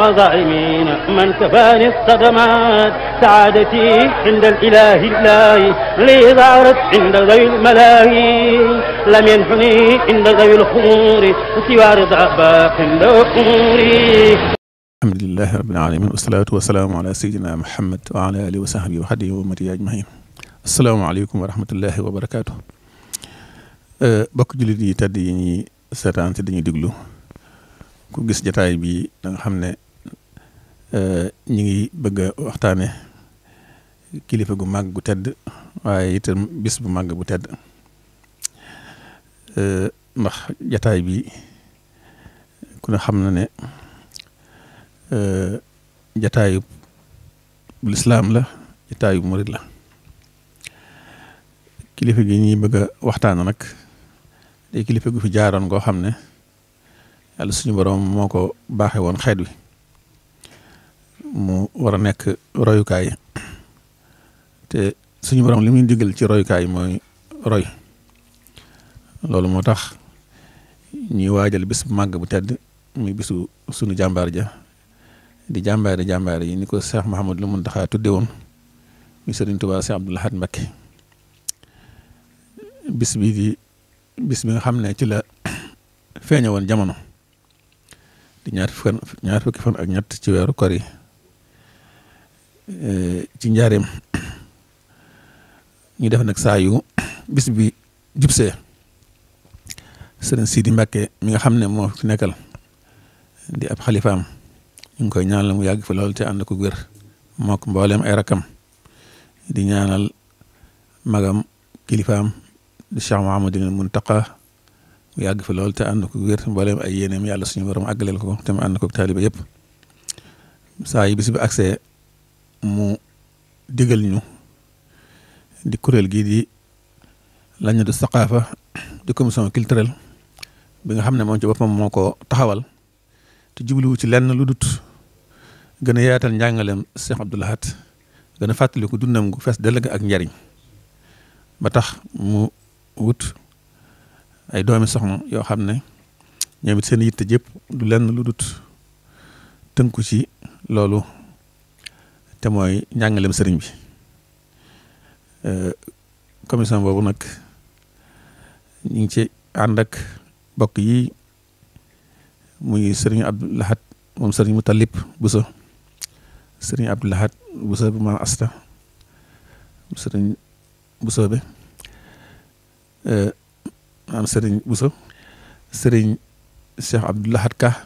وظالمين من كفاني الصدمات سعادتي عند الإله الله لي ظهرت عند ذوي الملاهي لم ينحني عند ذوي الخمور سوى رضا باق عند أموري الحمد لله رب العالمين والصلاة والسلام على سيدنا محمد وعلى آله وصحبه وحده ومتي أجمعين asalaamaaleykum wa rahmatullahi wa barakaatu bokk jullit yi tedd yi ñuy seetaan te dañuy diglu ku gis jataay bi da nga xam ne Euh, ñu ngi bëgg a waxtaane kilifa gu màgg gu tedd waaye itam bis bu màgg bu tedd euh, ndax jataay bi ku ne xam na ne euh, jataayu lislaam la jataayu murit la kilifa gi ñuy bëgg waxtaan nag day kilifa gu fi jaaroon goo xam ne yàlla suñu borom moo ko baaxe woon xeet wi mu war a nekk royukaay te suñu borom li muy digal ci royukaay mooy roy loolu moo tax ñuy waajal bis bu màgg bu tedd mu bisu sunu jàmbaar ja di jàmbaari jàmbaar yi ni ko Cheikh Mouhamadou Mountakha tudde woon muy Serigne Touba Cheikh Abdoul Ahad Mbacké bis bi di bis bi nga xam ne ci la feeñe woon jamono di ñaar fukki fan ñaar fukki fan ak ñett ci weeru kor ci njaareem ñu def nag saa yu bis bi Sidi Mbacke mi nga xam ne moo fi nekkal di ab xalifaam ñu ngi koy ñaanal mu yàgg fi lool te ànd ko wér mook mbooleem ay rakam di ñaanal magam kilifaam di Cheikh mun Muntaqa mu yàgg fi lool te ànd ko wér mbooleem ay yéeneem yàlla suñu borom àggaleel ko te mu ànd ko taaliba yëpp saa yi bis mu digal ñu di kuréel gii di lañu du saqaafa di commission culturelle bi nga xam ne moom ci boppam moo ko taxawal te jubluwu ci lenn lu dut gën a yaatal njàngaleem Cheikh Abdou Lahad gën a fàttali ko dundam gu fees dellëg ak njariñ ba tax mu wut ay doomi soxna yoo xam ne ñoom it seen yitte jëpp du lenn lu dut tënku ci loolu te mooy njàngaleem sëriñ bi euh, commission boobu nag ñu ngi ci ànd ak bokk yi muy sëriñ Abdou Lahad moom sëriñ Moutalib Bousso sëriñ Abdou Lahad Bousso bi maam Asta sëriñ Bousso bi euh, maam sëriñ Bousso sëriñ Cheikh Abdou Lahad Ka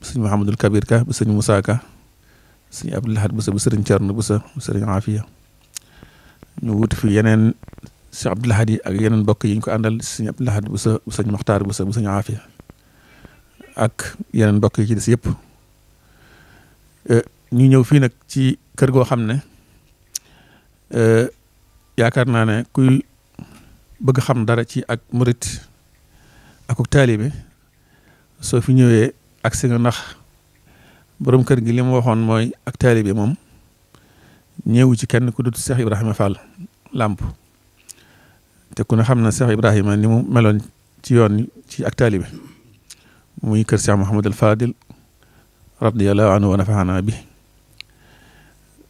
sëriñ Mouhamadul Kabir Ka sëriñ Moussa Ka sëriñ Abdul Ahad Buso bu sëriñ Cerno Buso bu sëriñ Afiya ñu wuti fi yeneen sëriñ Abdul Ahad yi ak yeneen bokk yi ñu ko àndal sëriñ Abdul Ahad Buso bu sëriñ Muxtaar Buso bu sëriñ Afiya ak yeneen bokk yi ci des yëpp euh, ñu ñëw fii nag ci kër goo xam ne euh, yaakaar naa ne kuy bëgg xam dara ci ak murit akuk taalibe soo fi ñëwee ak si nga ndax borom kër gi li mu waxoon mooy ak taalibe moom ñëw ci kenn ku dut Cheikh Ibrahima Fall làmp te ku ne xam na Cheikh Ibrahima ni mu meloon ci yoon ci ak taalibe muy kër Cheikh Mouhamadul Fadil radiyallahu anhu wa nafaana bi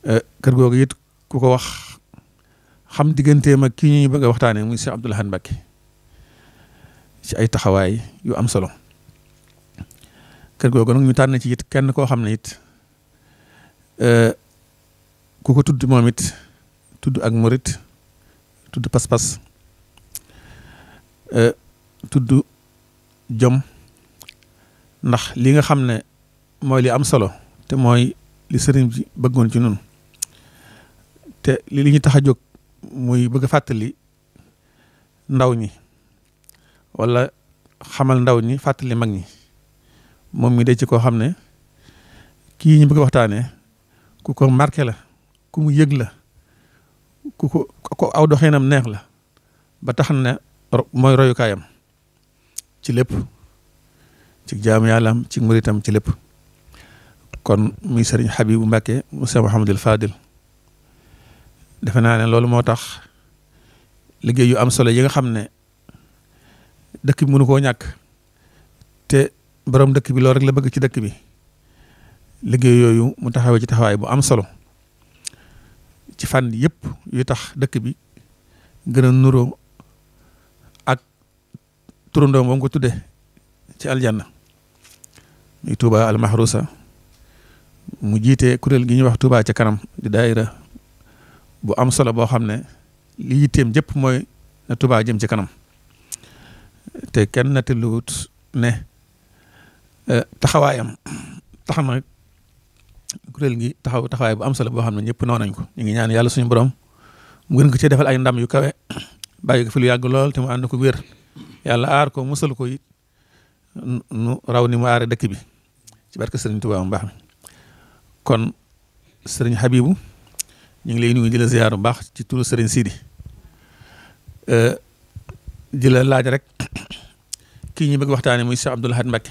eh, kër googu it ku ko wax xam digganteem ak kii ñuy bëgg a waxtaanee muy Cheikh Abdoul Ahad ci ay taxawaay yu am solo. kër googu nag ñu tànn ci it kenn koo xam ne it e, ku ko tudd moom it tudd ak murit tudd pas-pas e, tudd jom ndax li nga xam ne mooy li am solo te mooy li sëriñ bi bëggoon ci nun te li li ñu tax a jóg muy bëgg a fàttali ndaw ñi wala xamal ndaw ñi fàttali mag ñi moom mi de ci koo xam ne kii ñu bëgg waxtaanee ku ko marqué la ku mu yëg la ku ko ko aw doxinam neex la ba tax na mooy royukaayam ci lépp ci jaamu yàllaam ci muritam ci lépp kon muy sëriñ Habibu Mbàkke mu Seex Muhammadul Fadil defe naa ne loolu moo tax liggéey yu am solo yi nga xam ne dëkk bi mënu koo ñàkk te borom dëkk bi loolu rek la bëgg ci dëkk bi liggéey yooyu mu taxawee ci taxawaay bu am solo ci fànn yëpp yu tax dëkk bi gën a nuroo ak turandoom ba mu ko tuddee ci aljanna muy Touba mu jiite kuréel gi ñuy wax Touba ci kanam di daayira bu am solo boo xam ne li yitteem jëpp mooy na Touba jëm ci kanam te kenn nattiluwut ne Euh, taxawaayam tax na kuréel gi taxaw taxawaay bu am solo boo xam ne ñëpp noo nañ ko ñu ngi ñaan yàlla suñu borom mu gën ko ci defal ay ndam yu kawe bàyyi ko fi lu yàgg lool te mu ànd ko wér yàlla aar ko musal ko nu raw ni mu aare dëkk bi ci barke sëriñ Tuubaa mbaax mi kon sëriñ Habibu ñu ngi lay nuyu di la ziar bu baax ci turu sëriñ Sidi euh, di la laaj rek kii ñu bëgg waxtaanee muy Cheikh Abdoul Ahad Mbacké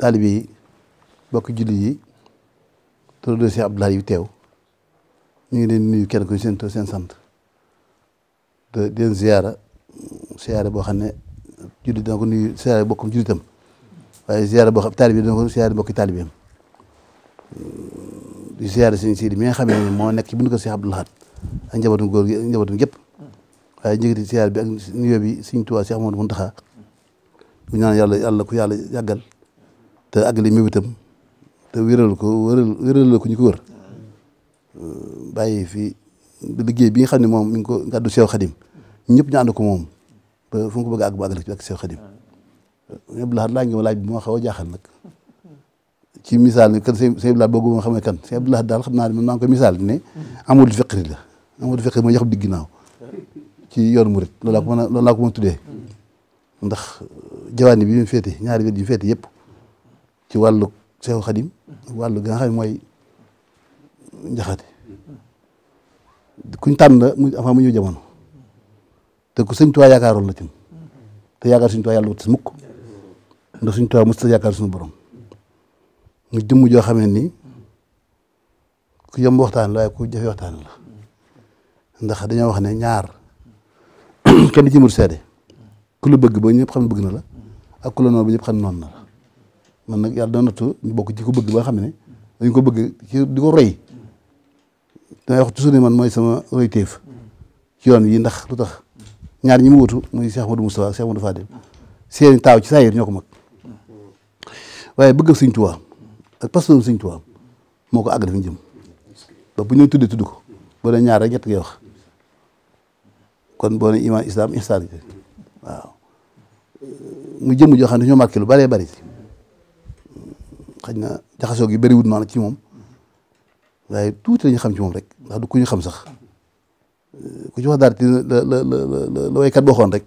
taalibe yi bokk julli yi turandoo Cheikh Abdoulaye yu teew ñu ngi leen nuyu kenn ku seen tur seen sant de den ziyaara ziyaara boo xam ne julli dana ko nuyu ziyaara bokkum jullitam waaye ziyaara boo xam taalibe dana ko ziyaara bokki taalibeem di ziyaara seen siidi mi nga xamee moo nekk ci bunt ko Cheikh Abdoul Ahad ak njabootum góor gi ak njabootum gépp waaye njëkkati ziyaara bi ak nuyoo bi Sëriñ Tuubaa Cheikh Amadou Mountakha bu ñaan yàlla yàlla ku yàlla yàggal te àggali mébitam te wéral ko wéral wéral la ko ñu ko euh, fi liggéey bi nga xam ne moom ko gàddu Seex Xadim ñëpp ñu ànd ko moom ba fu mu ko bëgg a àgg mu àggale ci ak Seex Xadim euh, ñëpp bi moo xaw a jaaxal nag ci ni kan sëñ Abdoulaye boobu nga xam ne kan sëñ daal xam naa ne man maa ngi koy misaal ne amul fiqri la amul mooy yaxub digg ginnaaw ci yoon murit loolu laa ko a loolu laa ko mën ndax jawaani bi mu féete ñaari wet yu féete yëpp ci wàllu Seexu Xadim wàllu gi nga xam ne mooy njaxate kuñ tànn la muy mu ñëw jamono te ku Sëñ Tuubaa yaakaaroon la ci te yaakaar Sëñ Tuubaa yàlla wut si mukk ndax Sëñ Tuubaa mos ta yaakaar suñu borom mu jëmm joo xamee ni ku yomb waxtaan la waaye ku jafe waxtaan la ndax dañoo wax ne ñaar kenn ci mur seede ku la bëgg ba ñëpp xam ne bëgg na la ak ku la noonu ba ñëpp xam ne noonu na la man nag yàlla dana nattu ñu bokk ci ko bëgg ba xam ne dañ ko bëgg ci di ko roy damay wax toujours man mooy sama roy ci yoon yi ndax lu tax ñaar ñi mu wutu muy Cheikh Modou Moustapha Cheikh taaw ci saa yéer ñoo ko mag waaye bëgg Sëñ Tuubaa ak pasam Sëñ Tuubaa moo ko àgg dafa jëm ba bu ñu tuddee tudd ko boo ne ñaar rek ñett ngay kon boo ne iman islam ihsaan waaw mu jëmm joo xam ne dañoo marqué lu bëree bëri xaj na jaxasoo gi bëriwul maanaam ci moom waaye tuuti lañu xam ci moom rek ndax du ku ñu xam sax ku ci wax daal ci la la la la waykat boo rek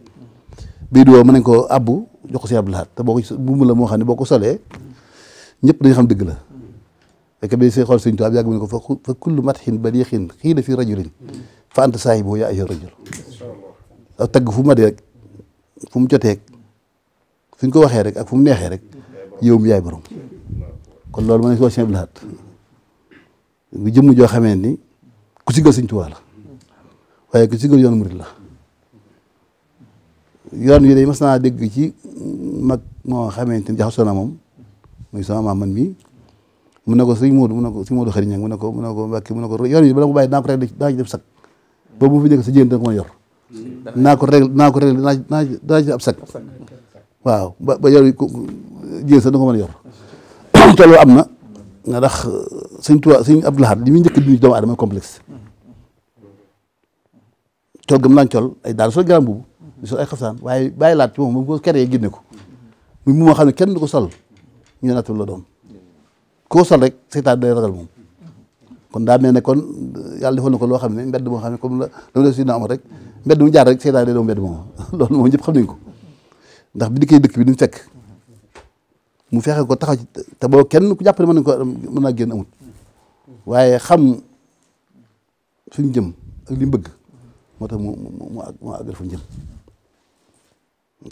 bii du woo ko abbu jox ko si te boo la moo xam ne boo ko solee ñëpp dañu xam dëgg la fekk bi see xool sëñ tubaab yàgg mu ne ko fa fa kullu matxin di xii da fi rajulin fa ant saahibu yaa ayyuha rajul aw tagg fu ma dee rek fu mu jotee fi ñu ko waxee rek ak fu mu neexee rek yow mi yaay borom kon loolu ma ne si wax Sëñ Lahat nga jëmm joo xamee ni ku sigal Sëñ Tuubaa la waaye ku sigal yoonu murit la yoon yi day mas naa dégg ci mag moo xamante ni jaxasoo na moom muy sama maam man mi mu ne ko sëñ Moodu mu ne ko sëñ Moodu xëriñ ak mu ne ko mu ko Mbàkke mu ne ko yoon yi bala ko bàyyi naa ko régler daa ci def sac boobu mu fi nekk sa jigéen dana ko a yor naa ko régler naa ko régler waaw ba ba yor jén sax da ko mën a yor te am na nga ndax euh, sëñ Tuubaa sëñ Abdou Lahad li muy njëkk di doomu aadama complexe col gëm naan col ay daal sol garam boobu di sol ay xaftaan waaye bàyyi laat ci moom moom ko keree génne ko muy mu moo xam ne kenn du ko sol ñu nattul la doon koo sol rek seytaan day ragal moom kon daa mel ne kon yàlla defal na ko loo xam ne mbedd moo xam ne comme la la def si na amat rek mbedd mu jaar rek seytaan day doon ko ndax bi dikkee dëkk bi duñ fekk mu fexe ko taxaw ci boo kenn ku jàpp ne mën nañ ko mën naa génn amut waaye xam suñ jëm ak li mu bëgg moo tax mu mu mu àggal fuñ jëm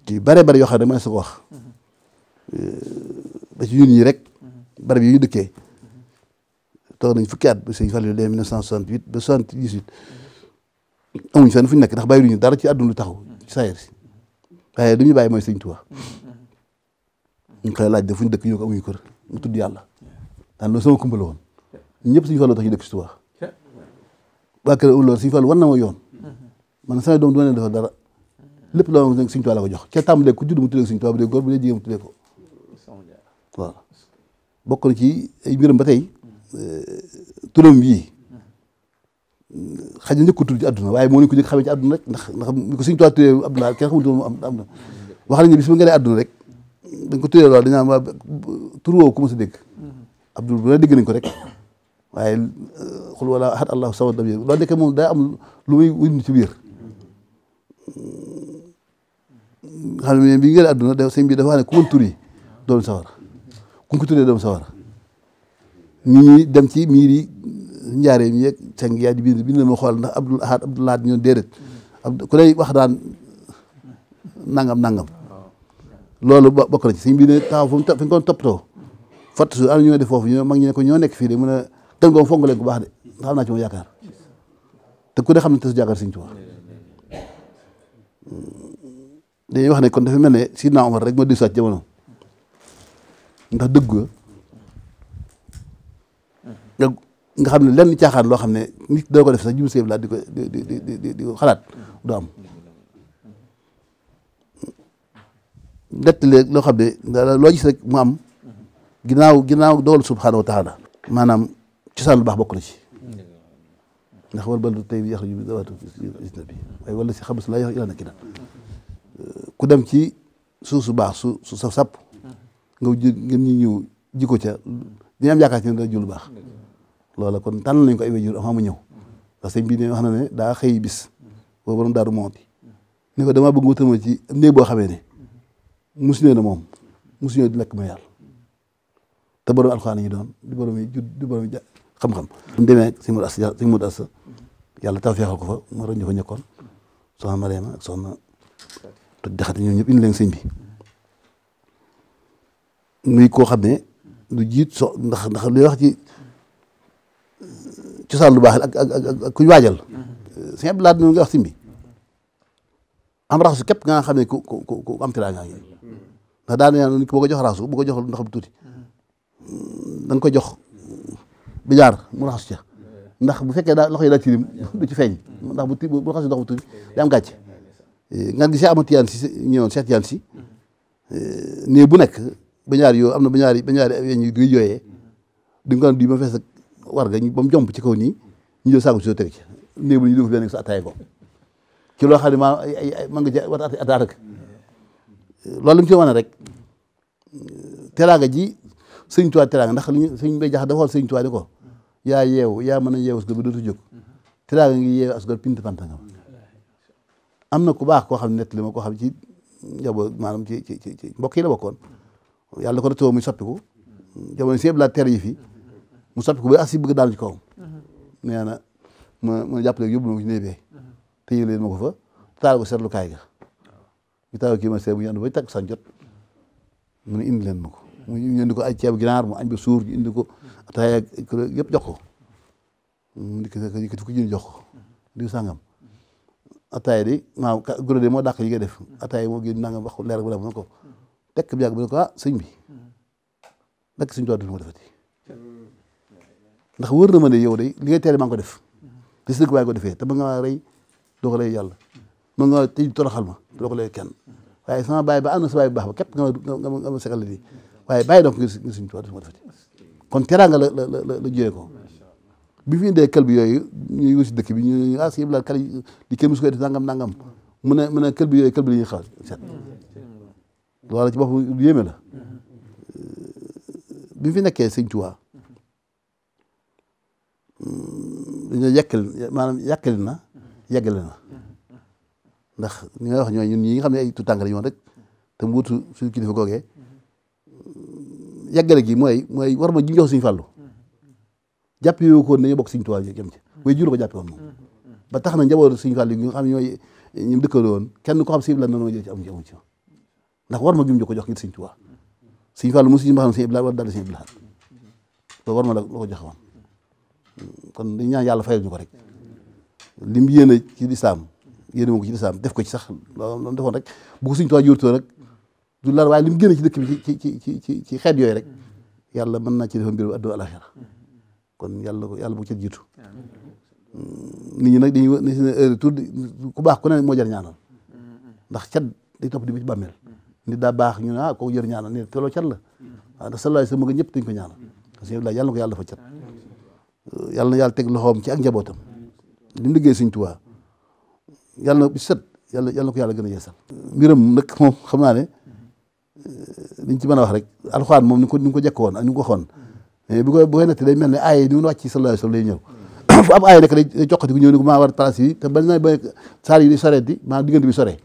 ci bare bare yoo xam ne mën su ko wax ba ci ñun ñi rek barab yi ñu dëkkee toog nañ fukki at ba sëñ Fallou dee 1968 ba 78 amuñ fenn fu ñu nekk ndax bàyyi duñu dara ci àdduna lu taxaw ci saa si waaye du ba bàyyi mooy sëñ Tuubaa ñu koy laaj dafuñ dëkk ñu ko amuñu mu tudd yàlla daan loolu sama kumbala woon ñëpp sëñ ci tax ñu dëkk si Tuubaa waa kër loolu sëñ Fallu war na yoon ma ne dafa dara lépp loo xam la ko jox ca tàmbalee ku judd mu tuddee sëñ Tuubaa bu dee góor bu dee jigéen mu tuddee ko voilà ci ay mbiram ba tey eh, turam xaj na njëkkatul ci àdduna waaye moo leen ko njëkk xamee ci àdduna rek ndax ndax ko suñu tubaab tuddee Abdoulaye kenn xamul rek dañ ko tuddee loolu dañu naan waa tur woowu ku ma sa dégg Abdoul ko rek waaye xul euh, wala ahad allahu samad lam yalid loolu nekk moom daa am lu muy wund ci biir xam ne bi ngeen àdduna da sëñ bi dafa wax ne ku mën sawar ku ko tuddee doon sawar nit ñi ci miir njaareem yeeg càng yaay di bind bind ma xool ndax Abdul Ahad Abdul Ahad ñoon déedéet ku lay wax daan nangam nangam loolu bokk na ci suñ bi ne taxaw fu ñu ko toppatoo fatt su am ñoo def foofu ñoo mag ñi ne ko ñoo nekk fii de mun a tënkoom fonk leen ku baax de ndax am naa ci moom yaakaar te ku ne xam ne te su jàkkaar Sëñ Tuubaa hmm. dañuy wax ne kon dafa mel ne Sidna Omar rek ma di saat jamono ndax dëgg nga nga xam ne lenn caaxaan loo xam ne nit doo ko def sax jiw seeb laa di ko di di di di ko xalaat du am nettali loo xam ne loo gis rek mu am ginnaaw ginnaaw dogal subhaanahu wa taala maanaam cosaan lu baax bokk na ci ndax wal baladu tayyibu yaxruju min dawaatihi bi waaye wala si xabas laa yaxruju illaa nakidan ku dem ci suuf su baax su su saf sàpp nga ji ngeen ñi ko ca dina am yaakaar ci ne dana jiw lu baax. loola kon tànn nañ ko ay wéjur avant mu ñëw ndax sëñ bi ne wax na ne daa xëy bis boo borom daaru mooti ne ko damaa bëgg wutama ci néeg boo xamee ne musu na moom musu ñëw di lekk ma yàlla te doon di borom yi jud di demee sëñ Modou Assa sëñ Modou Assa yàlla taw feexal ko fa mu roñ fa ñëkkoon soxna Mariama ak soxna ñëpp indi leen bi muy xam ne jiit so ndax ndax luy wax ci cosaan lu baax ak ak ak kuy waajal. sëñ Abdou Lahad nga simbi am raxasu képp nga xam ne ku ku ku am ngi ndax ko jox raxasu bu ko jox ndox bu tuuti da ko jox bi jaar mu raxasu ca ndax bu fekkee daal loxo yi daa tilim du ci feeñ ndax bu ti bu raxasu ndox bu tuuti day am gàcce nga gisee amatu yaan si ñëwoon seet yaan si néew bu nekk bañaari ñaari yoo am na ba ñaari ba ñaari yéen ñi di ma fees war nga ba mu jomp ci kaw ni ñu jël saako ci néew bi ñu def ci loo xam ne ma nga ja war a ataat loolu lañ ci wane rek teraanga ji sëñ Tuubaa teraanga ndax li ñu sëñ Mbay Jaxate dafa xool sëñ Tuubaa di ko yaa yeewu yaa a yeewu askan bi ngi yeewu askan pint pantangam am na ku baax koo xam ne nett li ma koo xam ci ci ci ci mbokk yi la bokkoon yàlla ko doon taw muy soppiku jamono si yëpp ter yi fii. mu soppi ko ba as yi bëgg daanu ci kawam. nee na ma ma jàppale yóbbu ma ko ci néeg bee. téye leen ma ko fa taal ko seetlu kaay ga. ñu taal ko kii ma seet bu ñu ànd ba jot mu indi leen ma ko. mu indi ko ay ceeb ginaar mu añ ba suur ñu indi ko ataaya yëpp jox ko. mu dikk yëkkati ko jënd jox ko. diw sàngam. di maanaam ka guro de moo dàq yi nga def ataaya moo génn nangam leer bu dem ko tekk bi yàgg bu ne ko ah sëñ bi. nekk suñu tool bi ma defati. ndax wër na man ne yow day li ngay tere maa ngi ko def di si dëkk waaye ko defee te mën nga rey doo ko lay yàlla mën nga tëj toroxal ma doo ko kenn waaye sama bàyyi ba am na sa bàyyi bu baax ba képp nga ma segal waaye bàyyi donc ngir ngir suñu kon teraanga la la la la ko bi fi indee kël bi yooyu si dëkk bi ñu ah si yëpp di kenn musu nangam nangam mu ne mu ne kël bi yooyu kël bi la ñuy xalaat la bi fi nekkee sëñ Tuubaa dañoo yekkal maanaam yàkkali na yeggale na ndax li nga wax ñooy ñun ñi nga xam ne ay tu tànk yoon rek te mbuutu suñu kilifa googee yeggale gi mooy mooy war ma ji jox suñu fàllu jàppee wu ko nañu bokk suñu tuwaay jëm ci way jur ko jàppee woon moom ba tax na njaboot suñu fàllu gi nga xam ne ñooy ñu dëkkandoo woon kenn ko xam si la noonu jël ci am ci amu ci ndax war ma gim jo ko jox ngir suñu tuwaay suñu fàllu mosu ñu ma xam si ibla war daal si ibla war ma la ko joxewoon kon di ñaan yàlla fayal ñu ko rek lim yéene ci lislaam yéene moom ko ci lislaam def ko ci sax loolu defoon rek bu ko suñu toog jóortoo rek du lar waaye lim génne ci dëkk bi ci ci ci ci ci xeet yooyu rek yàlla mën na ci defa mbir addo alaxira kon yàlla yàlla bu ko ci jiitu mm, nit ñi nag di ni seen heure tour ku baax ku moo jar ñaana ndax cat day topp di bi ci bàmmeel nit daa baax ñu ne ah kooku jar ñaanal ne te loolu la waaw ndax sallallahu alayhi wasallam mu ñëpp dañ ko ñaanal parce yàlla ko yàlla dafa cat yàlla na yàlla teg loxoom ci ak njabootam li mu liggéey Sëñ Tuubaa yàlla na bi set yàlla yàlla na yàlla gën a yeesal. mbiram nag moom xam naa ne eh, liñ ci mën a wax rek alxuraan moom ni ko ni ko jëkk woon ak ni ko waxoon mais eh, day mel ne aay yi ni mu wàcc ci sallallahu alayhi wa sallam lay ñëw fu am aay rek maa war place yi te bari naa ba saar yi di soree di maa diggante bi soree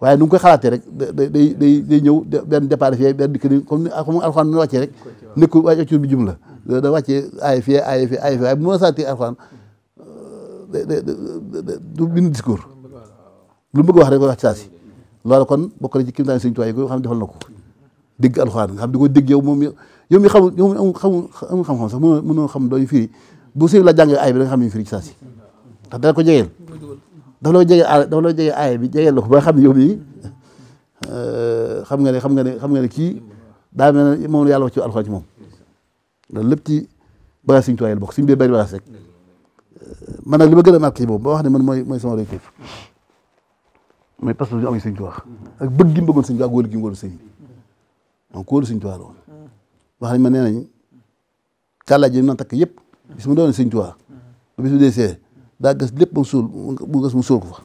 waaye nu ngi koy xalaatee rek day day day ñëw benn départ fii benn dikk comme ni comme alxuraan nu wàccee rek nekkul wàccu bi jumla da wàcc ay fii ay fii ay fii waaye bu ma sàtti alxuraan euh, du bind discours lu mu bëgg wax rek ci saa si kon bokk na ci kim taan sëñ tuwaay ko xam ne defal na ko dégg alxuraan nga xam di ko dégg yow moom yow mi xamul yow mi am xamul amul xam-xam sax mënoo mënoo xam firi bu sëñ la jàngee aay bi da xam ne firi ci saa si ndax ko jegeel dafa la jege dafa la jege aay bi jegeel la ko ba nga xam ne euh, xam nga ne xam nga ne xam nga ne kii daa moom la yàlla wax ci alxuraan ci moom loolu lépp ci bagage suñu tuwaay la bokk suñu biir bari bagage euh, man nag li ma gën a marqué boobu ba wax ne man mooy mooy sama réussite mooy parce que ñu ak bëgg gi mu bëggoon suñu tuwaay ak wóolu gi mu wóolu sëñ bi donc wóolu suñu wax nañ ma nee nañ kàllaaj yi takk yëpp bis mu doon suñu tuwaay bis mu dee daa gas lépp mu suul mu gas mu suul ko fa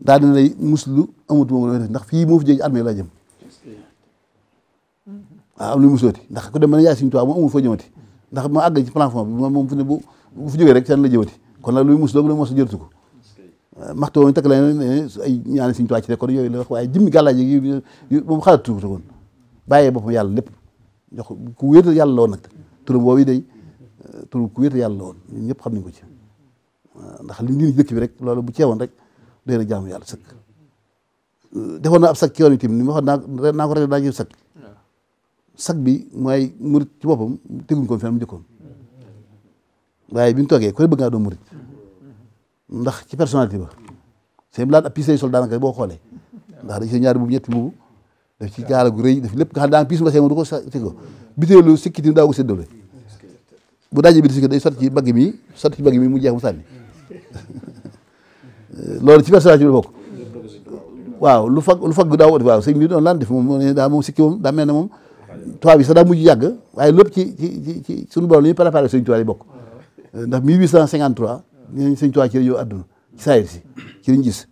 daa dina lay muslu amatu ma ndax fii moo fi jëj armée laa jëm waaw am lu mu sotti ndax ku dem mën a yaay suñu tubaab moom amul fa ñëwati ndax ma àgg ci plafond bi moom fu ne bu fu jógee rek seen la jëwati kon nag luy mus doog a jërtu la ay ñaani suñu tubaab ci rek yooyu la wax waaye jimmi gàllaaj yi moom xalaatu ko woon bàyyee boppam yàlla lépp jox ku wéetal yàlla la woon nag turam boobu day ku wéetal yàlla woon ñun ñëpp xam ni ko ci ndax li ñu dëkk bi rek loolu bu ceewoon rek doy na jaamu yàlla sëkk defoon na ab sag ci yoon itam ni ma naa ko rek daa sag bi mooy murit ci boppam teguñ ko fenn mu jëkkoon waaye bi ñu toogee ku ne bëgg ngaa doon murit ndax ci personnalité ba seen blaat ab piis lay sol boo xoolee ndax dañ see ñaari buubu ñetti buubu daf ci gaala gu rëy daf lépp nga xam daan piis mbasee moom du ko tego biteelu sikkitin daaw ko séddale bu dajee bi sikki day sotti ci bagg mi sotti ci bagg mu jeex mu sànni loolu ci personnalité bi la bokk waaw lu fag lu fag daaw waaw sëñ bi sikki moom daa mel ne tubaab yi sax daa mujj yàgg waaye lépp ci ci ci suñu borom li ñu préparé sëñ tubaab yi bokk mm-hmm. ndax 1853 nee nañ sëñ tubaab ci la ñëw àdduna ci saa si ci lañ gis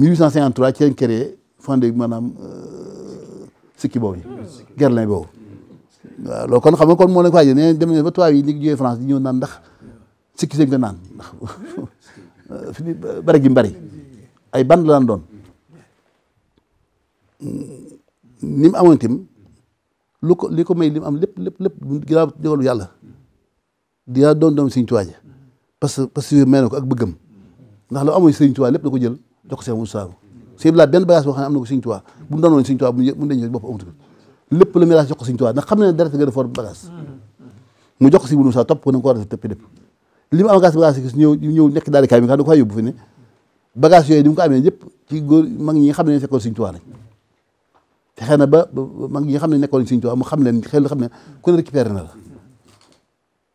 1853 mm-hmm. ci lañ créé fondé maanaam euh, sikki boobu mm-hmm. gerlin boobu waaw loolu kon xam nga kon moo leen ko waajee nee dem ne ba tubaab yi ñu jógee France di ñëw naan ndax sikki sëñ ko naan ndax fi ni bari gi mbari ay ban la daan doon mm, ni mu amoon tim lu ko li ko may li mu am lépp lépp lépp ginnaaw dogalu yàlla dinaa doon doom Sëriñ Tuubaa parce que parce que may na ko ak bëggam ndax lu amoon Sëriñ Tuubaa lépp da ko jël jox ko Sëriñ ndax xam ne dara gën a fort bagage mu jox ko Sëriñ Moussa topp ko na ko war a tëpp lépp li mu am bagage bagage gis di mu ko amee yëpp ci góor mag ñi nga xam ne fekkoon Sëriñ Tuubaa lañ fexe na ba mag ñi xam ne nekkoon Sëriñ Tuubaa mu xam ne ku ne récupéré na la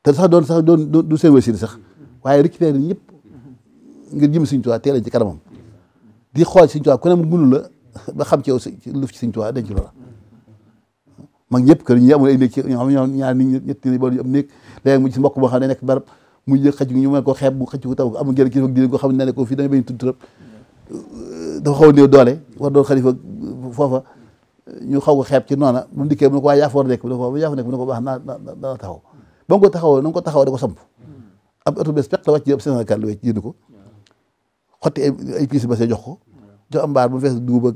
te sax doon du seen wasiila sax waaye récupéré ñëpp ngir jëm Sëriñ Tuubaa teela ci kanamam di xool Sëriñ Tuubaa ku ne mu gunu la ba xam ci yow ci Sëriñ Tuubaa denc loola mag ñëpp kër ñi amul ay néeg ci ñoo xam ñoo ñaar nit ñetti nit boolu am néeg ne nekk barab mu jël ñu mën ko xeeb bu xëcc ko taw amul genn kilifa diine ko xam ne ne ko fii dañu bañ tudd trop dafa xaw a néew doole war doon xalifa foofa ñu xaw a xeeb ci noona bu mu dikkee mu ne ko waaye yaa fa war a nekk mu ne ko yaa fa nekk mu ne ko baax naa dana taxaw ba nga ko taxawoo na nga ko taxaw da ko samp ab oto bés peq la wàcc yëpp seen kàll wecc jënd ko xotti ay piis ba see jox ko jox am mbaar bu fees dugub ak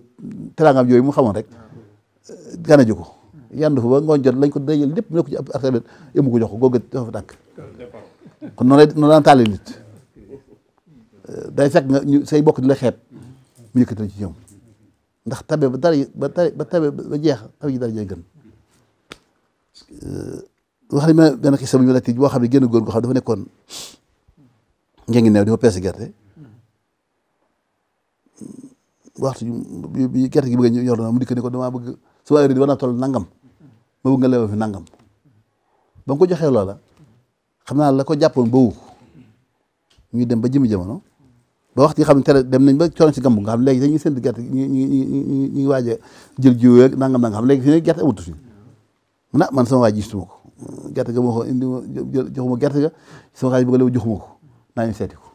teraangam yooyu mu xamoon rek eh, gana ji ko yandu fa ba ngoon jot lañ ko dajal lépp mu ne ko ci ab artabet yëmu ko jox ko googu dafa fa tànk kon noonu lay noonu daan tàlle nit eh, day fekk nga ñu say bokk di la xeeb mu yëkkati ci ñoom ndax tabe ba dara ba ba tabe ba jeex tabe ji dara jee gën euh, wax ma benn xisa bu boo xam ne génn góor goo xam dafa nekkoon ngeen ngi neew di ma peese gerte waxtu bi gerte gi bëgg yor na mu dikk ne ko damaa bëgg su waa réer war naa toll nangam ma bëgg nga lewal fi nangam ba ko joxee loola xam naa la ko jàppoon ba ñuy dem ba jëmi jamono ba waxtu yi xam ne tere dem nañ ba coono si gambu nga xam léegi dañuy séntu gerte ñu ñu waaj a jël jiw yeeg nangam nangam léegi fi ne gerte amatu fi mun man sama waay gisuma ko gert ga ma ko indi joxuma gerte ga sama xaaj bëgg la joxuma ko naa ñu seeti ko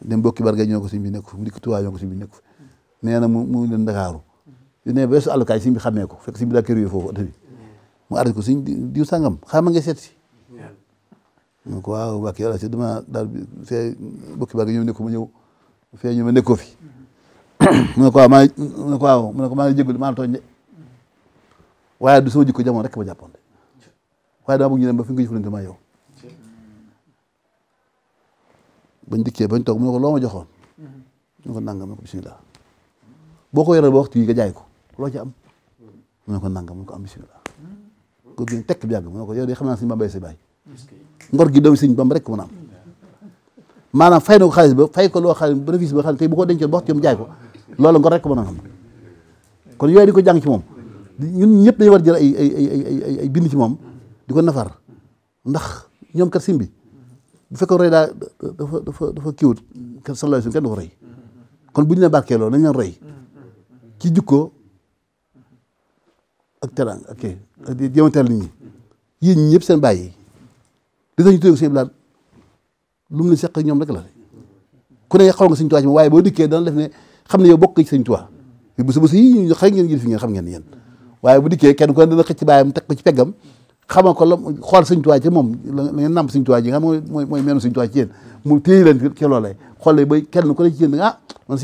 dem bokki barga ñoo ko suñ bi nekk mu dikk tuwaa ko nekk nee na mu mu leen Ndakaaru yu ne ba su àllukaay suñ bi xamee ko fekk suñ bi daa kër yooyu foofu ëtt bi mu ko suñ diw sàngam xaaral ma nga seet si mu ko waaw Mbàkke wala si dama daal fee bokki bàgg ñoom nekku ma ñëw fee ma nekkoo fi mu ne ko waaw ko waaw mu ko maa ngi jégalu maa tooñ de waaye du sama jikko jamono rek ma jàppoon de waaye daa bëgg ñu dem ba fi nga jëflante maa yow ma joxoon ba waxtu yi nga jaay ko loo ci am tekk bi yàgg mu ko yow de xam naa si ma bay si bàyyi ngor gi doomi sëñ bam rek mën a am maanaam fay na ko xaalis ba fay ko loo xam ne bénéfice ba xam ne tey bu ko dencoon ba wax ko loolu ngor yooyu di ko jàng ci moom ñun ñëpp dañu war jël ay bind ci moom di ko nafar ndax ñoom kat simbi bu fekkoon roy daa dafa dafa dafa kiiwut kenn sallallahu kenn du ko roy kon bu ñu la barkeeloo nañ leen roy ci jukko ak teranga ak jéem a teral nit ñëpp seen bàyyi di sañu tuddee sëñ Blaat lu mu ne seq ñoom rek la ku ne xaw nga sëñ Tuubaa ci moom waaye boo dikkee dana def ne xam ne yow bokk ci sëñ Tuubaa bés bés yi xëy ngeen jël fi ngeen xam ngeen yéen waaye bu dikkee kenn ku ne dana xëcc baayam teg ko ci peggam xamal ko la xool sëñ Tuubaa ci moom la ngeen nàmp sëñ Tuubaa ji nga mooy mooy mooy meenu sëñ Tuubaa ci yéen mu téye leen ci loolee xoolee ba kenn ku ne ci yéen da ah man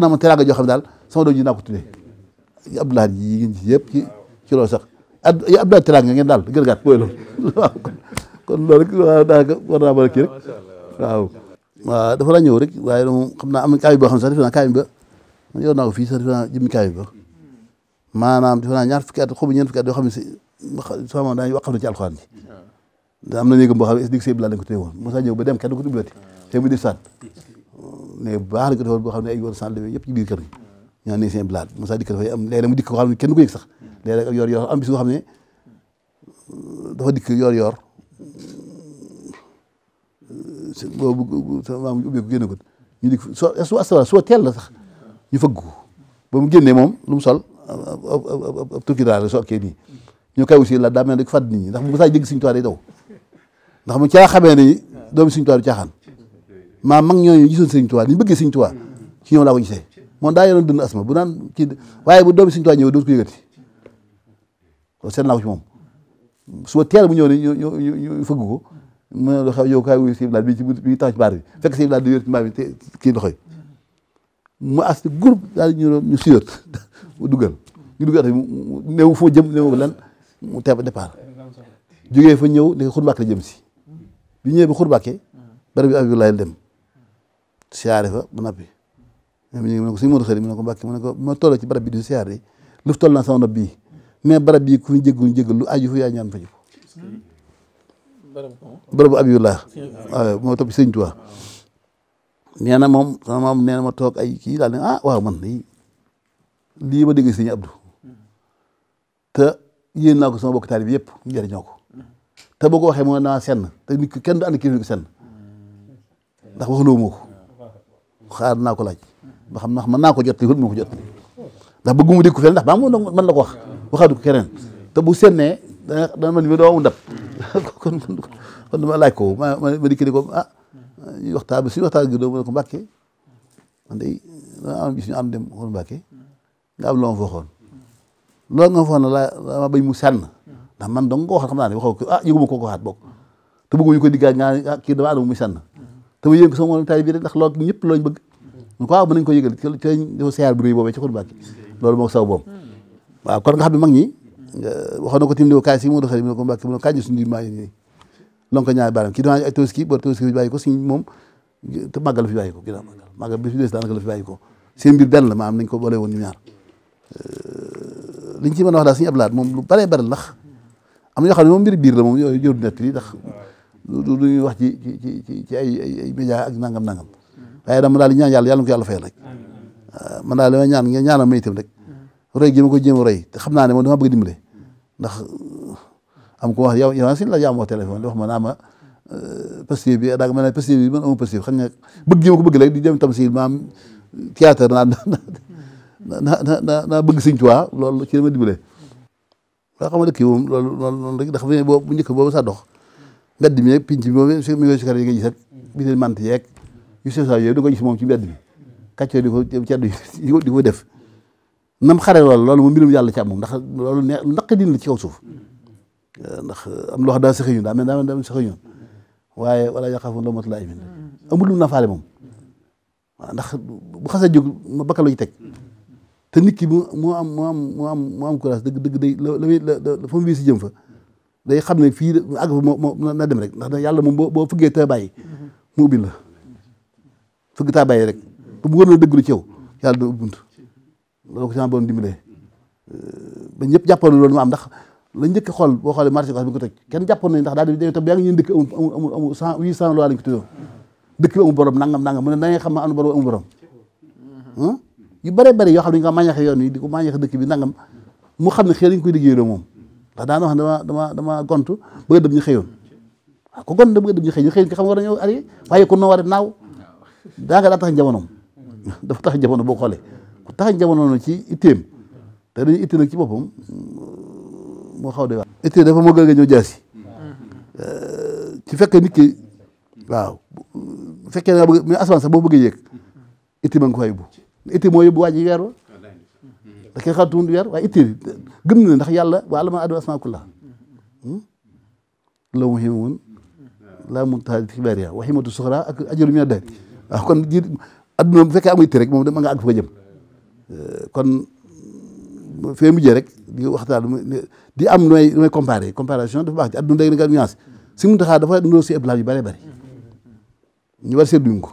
na ma teraanga joo daal sama ji naa ko tuddee Abdoulaye yi ngeen ci yëpp ci ci sax ab ab daal teraanga ngeen daal gën gàtt mooy loolu waaw kon loolu rek waaw daanaka war naa mën a kii rek waaw. waaw dafa la ñëw rek waaye moom xam naa am na kaay boo xam ne sax defe naa kaay ba man yor naa ko fii sax defe naa jëmmi kaay ba maanaam defe naa ñaar fukki at xobu ñeent fukki at yoo xam ne si sama daañu waxal ci alxuraan ji. da am na néegam boo xam ne est-ce que sëñ bi laa leen ko téye woon Moussa ñëw ba dem kenn du ko dublati te mu def sànn mais baax na ko defoon boo xam ne ay yoon sànn yëpp ci biir kër gi ñaan ne sëñ bi laa Moussa dikk dafay am léeg-léeg mu dikk ko xam ne kenn du ko yëg sax léeg-léeg ak yor-yor am bis boo ne dafa dikk yor-yor boobu sa maam ñu ubbeeku génn ko ñu dikk soo su astawala soo teel ñu fëgg ko ba mu moom lu mu sol ab daal la soo ñu si la daa mel ne ko fàdd nit ñi ndax bu saa jégg suñu tuwaar ndax mu caa xamee ne doomi suñu tuwaar du caaxaan maa mag ñooñu gisoon suñu tuwaar ñu bëggee suñu tuwaar ci ñoom laa ko gisee moom daa yoroon dund asma bu naan kii waaye bu doomi suñu tuwaar ñëw dootu ko yëgati loolu seet naa ko ci moom suba teel bu ñëw ne ñu ñu fëgg ko mu ne lu xew yow kaay wuyu si Ibrahima bii ci bii tax ci baar bi fekk si Ibrahima di wér ci mbaam bi te kii loxo yi mu as ci groupe daal ñu ñu siyoot mu dugal ñu dugal mu néew fu ma jëm néew lan mu teeb départ jógee fa ñëw ne xurbaak la jëm si bi ñëwee ba xurbaakee bari bi Abdoulaye dem siyaare fa ba noppi ñu ne ko suñu mën a xëy mu ne ko mbàkk mu ne ko ma toll ci barab bi di siyaare lëf toll naa sama nopp bii mais barab bii ku ñu jégguñu jéggal lu aju fu yaa ñaan faju barabu abiyullah moo topp sëñ Tuubaa nee na moom sama maam ma toog ay kii daal ne ah waaw man lii ma dégg sëñ Abdou te yéen naa ko sama bokk taalibe bi yëpp ñu jëriñoo ko te boo ko waxee moo naa senn te nit kenn du ànd kilifa ko senn ndax waxuloo moo ko xaar naa ko laaj ba xam ndax mën naa ko jot li wut moo ko ko fenn ndax baa moom man la ko waxaatu ko keneen te bu sennee dana dana man mi doomu ndab kon kon dama laaj ko ma ma dikki ne ko ah ñuy waxtaan bi suñu waxtaan gi doo mu ne ko am loolu la dama bañ mu sànn ndax man dong ko waxal xam naa ne waxoo ko ah yëguma ko ko waxaat bokk te bëgguñu ko diggaat nga ah, kii dama ànd muy sànn te ah, bu moo saw boom waaw kon nga xam ne mag ñi ko tim ni ko kaay si Modou Xadim mu ne ko Mbàkke mu maa ngi ay tabaski bor tabaski bi bàyyi ko suñ moom te màggal fi bàyyi ko ginnaaw màggal màggal fi des la ko seen mbir benn la maanaam nañ ko boole woon ñu ñaar euh, liñ ci mën a wax daal suñu ablaat moom lu bare bare ndax am na yoo xam ne moom mbir biir la moom yooyu jëru nett li ndax lu ñuy wax ci ci ci ci ay ay média ak nangam nangam waaye dama daal di ñaan yàlla yàlla na ko yàlla fayal rek man daal li may ñaan nga rek roy gi ko jéem a roy te xam naa ne moom dama bëgg dimbale ndax euh, am ko wax yow yow sëñ la yaa ma wax téléphone di wax a naa ma euh, Pastef bi ma ne Pastef bi man amu ko bëgg rek di dem tam si maam théâtre naa naa naa naa bëgg sëñ Tuubaa loolu ci dama dimbale waaw xam nga dëkk yi moom loolu loolu rek ndax bu njëkk boobu sax dox mbedd mi yeeg pinc bi yi nga gis ak bi leen mant yu sew saa yooyu di ko gis moom ci mbedd mi kàccoo di di ko def nam xare loolu loolu moom mbirum yàlla ci am moom ndax loolu ne naq din la ci kaw suuf euh, ndax euh, am loo xam daa saxi ñun daa mel daa mel saxi ñun waaye wala yaqaafun lawmata laa'imin amul lu mu nafaale moom waaw ndax bu xasee jóg ma bakka la ci teg te nit ki mu mu am mu am mu am mu am courage dëgg dëgg day la la fa mu wii si jëm fa day xam ne fii àgg fa moo na dem rek ndax yàlla moom boo boo fëggee taa bàyyi mu ubbi la fëgg taa bàyyi rek bu wër na dëgg lu ci yow yàlla dina ubbi bunt loolu ko ma doon dimbalee ba ñëpp jàppoon loolu ma am ndax la njëkk xool boo xoolee marché bi ko toj kenn jàppoon nañ ndax daal di dañuy toog yaa ngi ñeen dëkk amul amul amul cent huit cent xam ne amul borom amul borom yu yoo xam ne ñu ko yoon yi di ko maañaxe bi nangam mu xam ne xëy dañ koy liggéey moom ndax daana wax dama dama dama gontu bëgg a dem ñu xëyoon waaw ah, ko gont da a dem ñu xëy ñu ko xam war nañoo ari waaye kon a naaw daa nga daa tax jamonoom dafa tax jamono boo xoolee ku taxañ jamono na ci itteem te dañu nag ci boppam mm, moo xawde de waa itte dafa moo gën a ñëw jaasi fekke fekkee nit ki waaw bu fekkee nga bëgg mais asamaan sax boo bëggee yéeg itte ma nga ko fay weer wa da kenn xaatu woon weer waaye itte gëm na ndax yàlla wa allama aadama asmaa kulla hmm? la mu ximu woon laa mun taxaat xibaar yaa wa ximatu suxra ak ajalu mina dahr waaw kon ji adduna bu fekkee amu itte rek moom dama nga àgg fa jëm Euh, kon mm, fee mujjee rek di waxtaan di am nooy nooy comparé comparaison dafa baax ci àdduna léegi nga nuance si mu taxaa dafa nuroo si Abdoulaye yu bëree bëri ñu war sedduñ ko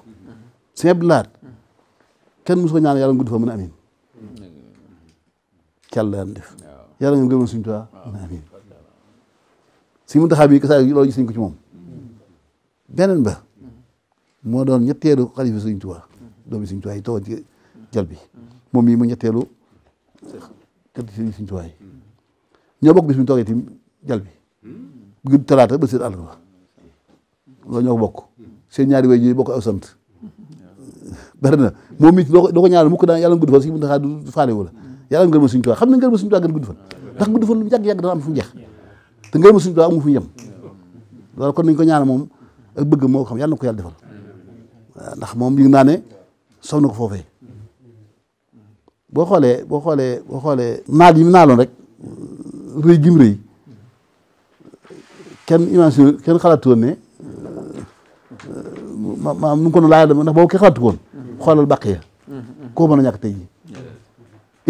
si Abdoulaye kenn mosu ko ñaan yàlla gudd fa mën a amin càll la daan def yàlla nga gëmoon suñu tuwaa mën a amin si mu taxaa bi kasaa loolu gis nañ ko ci moom beneen ba moo doon ñetteelu xalifa suñu tuwaa doomi suñu tuwaa yi toogoon ci jal bi moom mii mu ñetteelu kër si Sëriñ Tuubaa yi ñoo bokk bis ñu toogee tim jal bi bu hmm. gën talaata ba seen àllarba loolu ñoo ko bokk seen ñaari way ji bokk aw sant bari na moom it doo ko ñaanal mukk daan yàlla gudd fan si mu taxaa du faalewu la yàlla ngërëm Sëriñ Tuubaa xam ne ngërëm gudd fan ndax gudd fan yàgg-yàgg dana am fu mu jeex te ngërëm Sëriñ Tuubaa amul fu mu yem loolu kon nañ ko ñaanal moom a bëgg moo ko xam yàlla na ko yàlla defal waaw ndax moom yëg naa ne soxna ko foofee boo xoolee boo xoolee boo xoolee naal yi mu naaloon rek rëy gim kenn imagine kenn xalaatu woon ne ma ma nu ko doon laajal ndax boobu kenn xalaatu woon xoolal bàq ya koo mën a ñàkk tey jii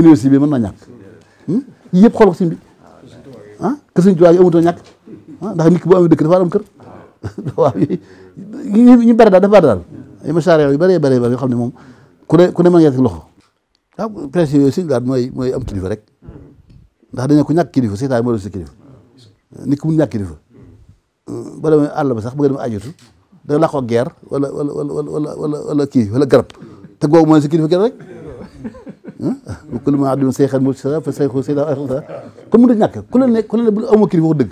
université bi mën na ñàkk yii yëpp xool ko si bi ah kër suñu tubaab yi amutoo ndax nit ki boo amee dëkk dafa am kër waaw ñu ñu bëri daal dafa bëri daal ay masaare yu bëree bëri yoo xam ne moom ku ne ku ne mën loxo ah principe yooyu si daal mooy mooy am kilifa rek ndax dañoo ko ñàkk kilifa seytaane moo doon sa kilifa nit ku ñàkk kilifa ba demee àll ba sax ba nga dem ajatu da wala wala wala kii wala garab te googu mooy sa kilifa kenn ku ma àdduna ñàkk ku la ne ku ne bu amoo kilifa wax dëgg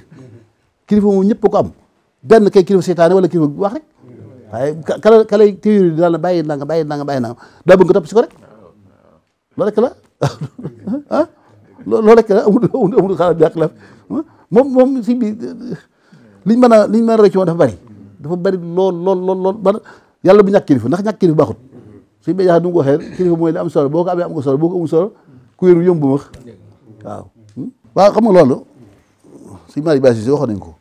kilifa moom ñëpp ko am benn kay kilifa seytaane wala kilifa bu wax rek waaye kala kala téyur daal na bàyyi nanga bàyyi nanga bàyyi nanga daa bëgg nga topp si ko rek loolu rek la ah loolu rek la amul amul xalaat bi ak la ah? moom moom si bi liñ mën a liñ mën a roy ci moom dafa bari dafa bari lool lool lool yàlla bu ñàkk kilifa ndax ñàkk kilifa baaxut suñu béy jaaxal du nga ko waxee kilifa mooy li am solo boo ko amee am ku wéru yomb ma waaw hmm? waaw xam nga loolu a mari basi si waxoon nañ ko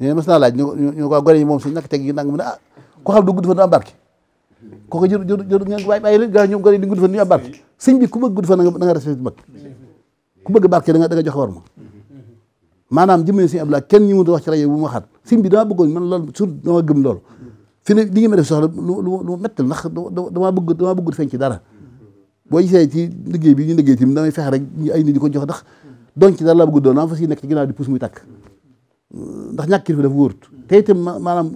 ñeen mas naa laaj ñu ko gone yi moom si ñàkk teg yi nang mu ne ah ko xam du gudd fan du am barke kooku jëru jëru jëru ngeen bàyyi bàyyi yi di gudd fan ñu am barke sëñ bi ku bëgg gudd fan da ku bëgg barke da da nga jox war ma maanaam jëmee sëñ Abdoulaye kenn ñu mënut a wax ci rajo bu mu waxaat sëñ bi damaa bëggoon man loolu sur dama gëm loolu fi ne li nga ma def soxla lu lu metti ndax damaa bëgg damaa bëgg feeñ ci dara boo gisee ci liggéey bi ñu liggéey tamit damay fexe rek ay nit di ko jox dax donc ci la laa bëgg doon si nekk ci ginnaaw di pousse muy takk ndax ñàkk kilifa dafa wóorut te itam maanaam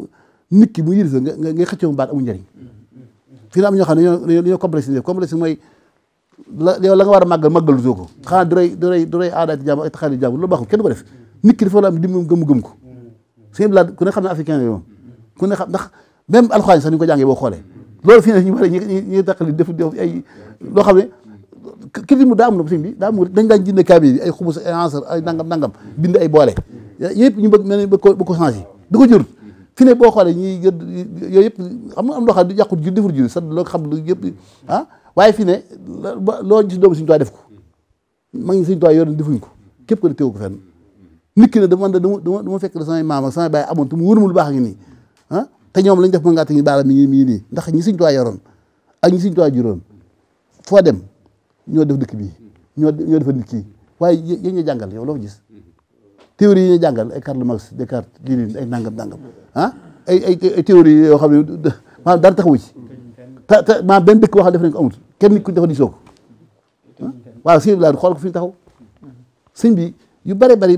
nit ki mu yilif nga nga xëccoo baat amul njëriñ fi na am ñoo xam ne dañoo complexe complexe la yow la nga war a màggal màggalu soo ko xanaa du rey du rey du rey aadaati jàmm ak taxaari jàmm lu baaxul kenn ko def nit ki dafa war a am dimam gëm-gëm ko suñu bilaad ku ne xam ne africain yooyu moom ku ne xam ndax même alxuraan sax ni ko jàngee boo xoolee loolu fi ne ñu bari ñi taqali def def ay loo xam ne kii mu daa am na sëñ bi daa am dañ daan jënd kaamil yi ay xumus ay ansar ay nangam nangam bind ay boole yëpp ñu bëgg mel ni bëgg ko bëgg ko changé du ko jërut fi ne boo xoolee ñuy yooyu yëpp xam nga am loo xam ne yàqut ji defur ji sa loo xam lu yëpp ah waaye fii ne loo gis doomu Sëriñ Tuubaa def ko mag ñi Sëriñ Tuubaa yoroon defuñ ko képp ko ne teewu ko fenn nit ki ne dama da dama dama fekk da samay maam ak samay baay amoon te mu wóor ma lu baax ngi ni ah te ñoom lañ def ma ngaa ñu baala mi mii nii ndax ñi Sëriñ Tuubaa yoroon ak ñi Sëriñ Tuubaa juróon foo dem ñoo def dëkk bii ñoo ñoo defal nit waaye yéen ñu jàngal yow loo ko gis théorie yi ñu jàngal ay Karl Marx Descartes Lénine ay nangam nangam ah ay ay théorie yoo xam ne maanaam dara taxawu ci te te maanaam benn dëkk boo xam def nañ ko amut kenn nit ku dafa di soo ko waaw sëñ bi laa xool ko fii taxaw sëñ bi yu bare bari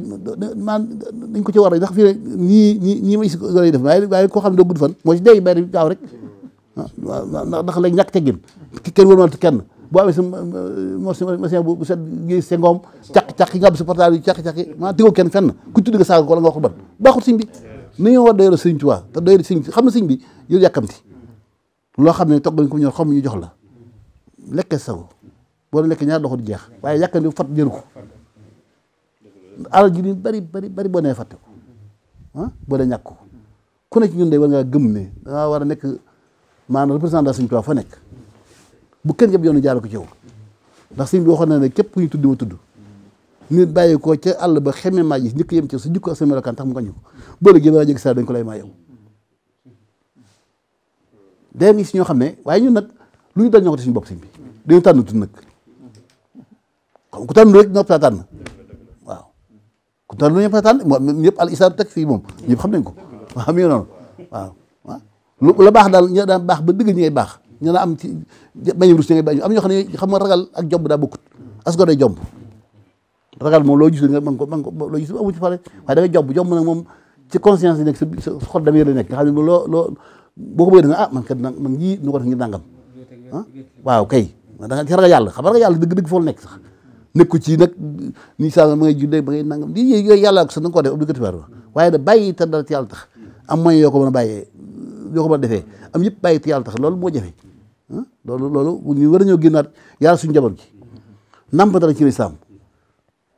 man dañ ko ci war ndax fii rek ñii ñii ñii ma gis ko lay def waaye waaye koo xam ne doo gudd fan moo ci dee bari gaaw rek waaw ndax ndax ñàkk teggin kenn wërmalte kenn boo amee sa machine bu set gi sa ngoom caq-caq nga am sa portable yi caq-caq kenn fenn ku tudd nga saaga ko wala nga wax ko ban baaxul sëñ bi nañoo war doyal sëñ Tuubaa te doyal sëñ xam na sëñ bi yow yàkkamti loo xam ne togg nañ ko ñor xam ñu jox la lekkee sago boo lekk ñaar doxul jeex waaye yàkkandi fat jëru ko alal ji ni bari bari bari boo nee fàtte ko ah, boo dee ñàkk ko ku ne ci ñun de war ngaa gëm ne dangaa war a nekk maanaam représentant Sëñ Tuubaa fa nekk bu kenn jaar ko ci ndax sëñ bi ne képp ku ñu tudd ma tudd nit bàyyi ko ca àll ba xeme maa gis njëkk yem ci sa jikko ak mu ko boole saa dañ ko lay maa yow day gis ñoo xam ne waaye ñun nag lu ñu dal ñoo ko def suñu bopp sëñ bi dañu tànn tuuti nag xam ku tànn na ñëpp taa tànn lu ñëpp taa tànn ñëpp al isaab teg fii moom ñëpp xam nañ ko waaw mi ngi noonu waaw lu la baax daal ñu daan baax ba dëgg ñi ngay baax ñu la am ci bañ rus ngay am ñoo xam ne xam nga ragal ak jomb daa bokkut as ko day jomb ragal moom loo gis nga man ko man ko loo gis amu ci pare waaye da nga jomb jomb nag moom ci nekk sa nga loo loo boo ko bëggee ah, man nag man yii nu ko def ngir nangam ah waaw kay danga xar nga yàlla xabar nga yàlla dëgg-dëgg fool nekk sax nekku ci nag ni sa ma ngay juddee ba ngay nangam di yooyu yàlla ak sa danga ko def obligatoire la waaye da bàyyi te dara ci yàlla tax am yoo ko mën a bàyyee yoo ko a defee am yëpp bàyyi yàlla tax loolu moo jafe ah? loolu loolu ñu war a ñëw génnaat yàlla suñu jabar gi namp dara ci lislaam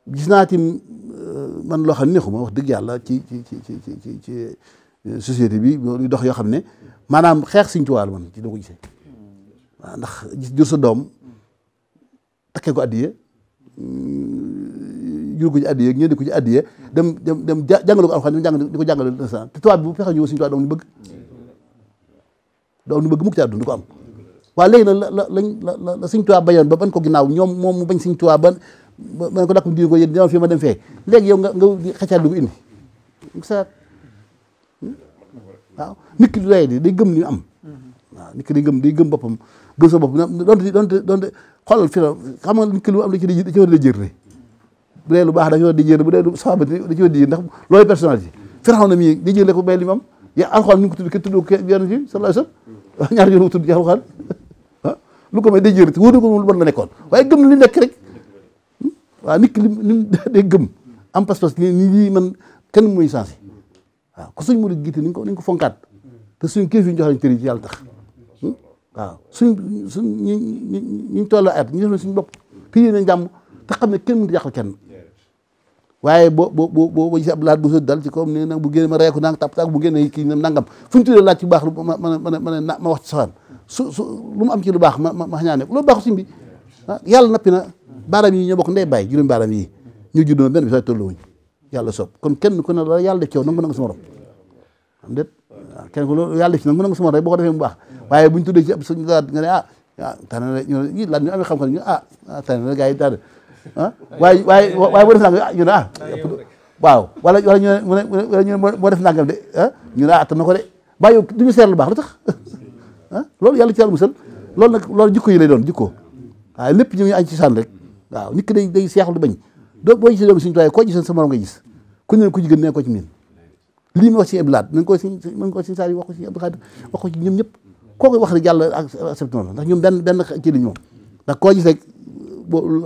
gis naa tim euh, man loo xam ne wax dëgg yàlla ci ci ci ci ci ci société bi dox yoo xam ne maanaam xeex Sëñ Tuubaa man ci doo ko gisee waaw ndax jur sa doom takkee ko addiye mm, jur ko ci addiye ñeenti ko ci addiye dem dem dem jàngale ko alxuraan dem di ko jàngale nasaraan te tubaab bi bu fexe ñu suñu tubaab doom ñu bëgg doom ñu bëgg mukk ci àdduna du ko am waaw léegi nag la la lañ la la suñ tubaab bayoon ba ban ko ginnaaw ñoom moom mu bañ suñ ba ban ban ko dakk diir ko yéen fii léegi yow nga nga xëccaat ko indi sa hmm? waaw nit ki du lay di day gëm ni am mm-hmm. waaw nit day gëm day gëm boppam gëm sa bopp donte donte donte xam nga ki lu am da ci da ci war di jër ne bu dee lu ba da ci war di jër bu dee lu sabati da ci war di jër ndax loolu personnalité firaw na mii di jëlee ko bay li mu am ya alxuraan ko tudd ki tudd ko yenn ci sallallahu alayhi wasallam yoon ko tudd ci alxuraan ah, lu ko may day jër wóor na ko la nekkoon waaye gëm na li nekk rek hmm? waaw nit ki li mu gëm am pas-pas ni lii man kenn muy sensé waaw ko suñ mu di giite ni ko ni ko fonkaat te suñ kéef yi ñu jox lañ waaw su suñ ñu ñu ñu at ñu def suñu bopp te yéene jàmm te xam ne kenn mënut a yàqal kenn waaye boo boo boo boo gisee ab bu soo dal ci kawam nee nag bu génne ma reeku nang tap tap bu génne kii nam nangam fu ñu tuddee laaj ci baax lu ma ma ma ma ma wax ci su su lu mu am ci lu baax ma ma ma ñaanee loolu baaxu suñ bi ah, yàlla nappi na baaraam yi ñoo bokk ndey bàyyi juróomi baaraam yi ñu juddoo benn bi sax tolluwuñ yàlla soob kon kenn ku ne la yàlla de coow nangu nangu sama morom xam déet waaw kenn ku loolu yàlla ci nag mën na nga suma rey boo ko defee mu baax waaye buñ tuddee ci ab suñu daat nga ne ah ah tane na ñu ñi laaj ñu amee xam-xam ñu ah, ah tane na gars yi tane ah waaye waaye waaye boo def nangam ah ñu ne ah waaw wala wala ñu ne mu ne wala ñu ne boo def nangam de ah ñu ne ah attan na ko de bàyyi du ñu seet lu baax lu tax ah loolu yàlla ci yàlla musal loolu nag loolu jikko yi lay doon jikko waaye lépp ñu añ ci sànn rek waaw nit ki day day seexlu bañ doo boo gisee doomi suñu tuwaay koo gisee sa morom nga gis ku ne ku ci gën ne ko ci miin lii mu wax si Abdoul Ahad nañ ko si nañ ko si saa yi wax ko si Abdoul Ahad wax ko si ñoom ñëpp koo koy wax rek yàlla accepté noonu ndax ñoom benn benn kii lañ moom ndax koo gis rek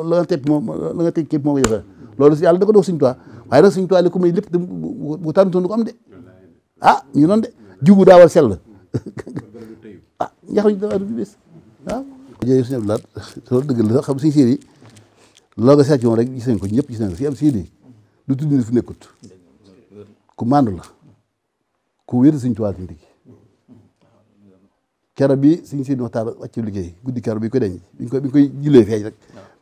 la nga teg moom la nga teg képp moo ko yëfee loolu si yàlla da ko dox suñu toit waaye nag suñu toit li ko may lépp bu tànnutoon du ko am de ah ñu noonu de jiwu daa war sell ah njaxañ dawa du bés waaw jërëjëf suñu Abdoul Ahad loolu dëgg la xam suñu séer yi loo nga seet yoon rek gis nañ ko ñëpp gis nañ ko si am séer yi du tudd ni fu nekkut ku maandu la ku wér Sëñ Tuubaa ndig kero bi Sëñ Sidi Moxtaar wàccu liggéey guddi kero bi ko denc bi ñu koy bi ñu koy jullee feeñ rek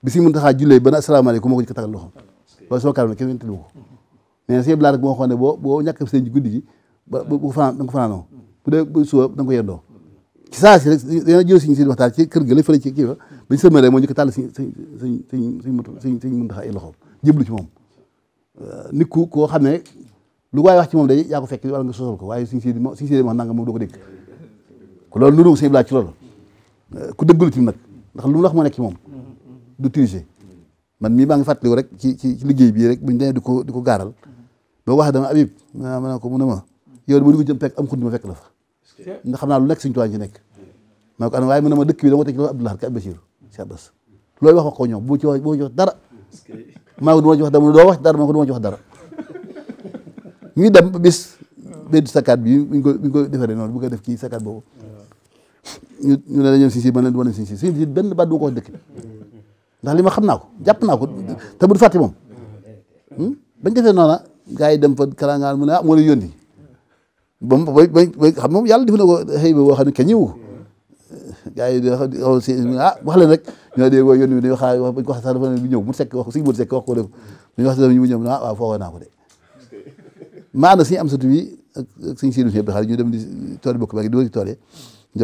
bi Sëñ Muntaxaa jullee ba na asalaamaaleykum moo ko ci ko tagal loxo loolu sama kàddu kenn wentilu ko mais sëñ Blaar boo xam ne boo boo ñàkk sëñ guddi gi ba bu ko fanaan da nga ko fanaanoo bu dee bu da nga si rek dina kër ga la fële ci kii ba bañ sëmee rek moo ñu ko tàll sëñ sëñ sëñ sëñ sëñ Muntaxaa ay loxoom jëblu ci moom nit ku koo xam ne lu waaye wax ci moom day yaa ko fekk wala nga sosal ko waaye suñ si suñ si wax nag lu mu wax moo nekk ci moom du tricher man mii maa ngi rek ci ci liggéey bii rek buñ demee di ko di ko gaaral wax dama ma ne ko mu ne ma yow bu dugg jëm fekk am xund ma fekk la fa ndax nekk suñ tuwaan ci nekk ma waaye mu ne ma dëkk bi dama teg ci loolu Abdoulaye ka Bachir si Abbas loolu wax wax ko ñoom bu boo ci wax dara maa ko du ma ci wax dara doo wax dara maa ko du ma wax dara ñu dem bis benn sakkaat bi ñu ko ko defaree noonu bu ko def ci sakkaat boobu ñu ne dañoo si si mën leen di wane si si si benn baat du ko wax dëkk ndax li ma xam naa ko jàpp naa ko te bu du fàtte moom hmm? bañ defee noona gars yi dem fa karangaan mu ne ah moo lay yónni ba mu ba ba xam moom yàlla def na ko xëy ba boo xam ne kenn ñëwu gars yi ah wax leen rek ñoo dee woo yónni bi dañoo xaar wax bañ wax sax dafa ne bu ñëw mu sekk wax si mu sekk wax ko def mu ñëw ah waaw foogoo naa ko maana suñu am satu bi ak suñ sidu si xaar ñu dem di tool bokk baagi di wëri tool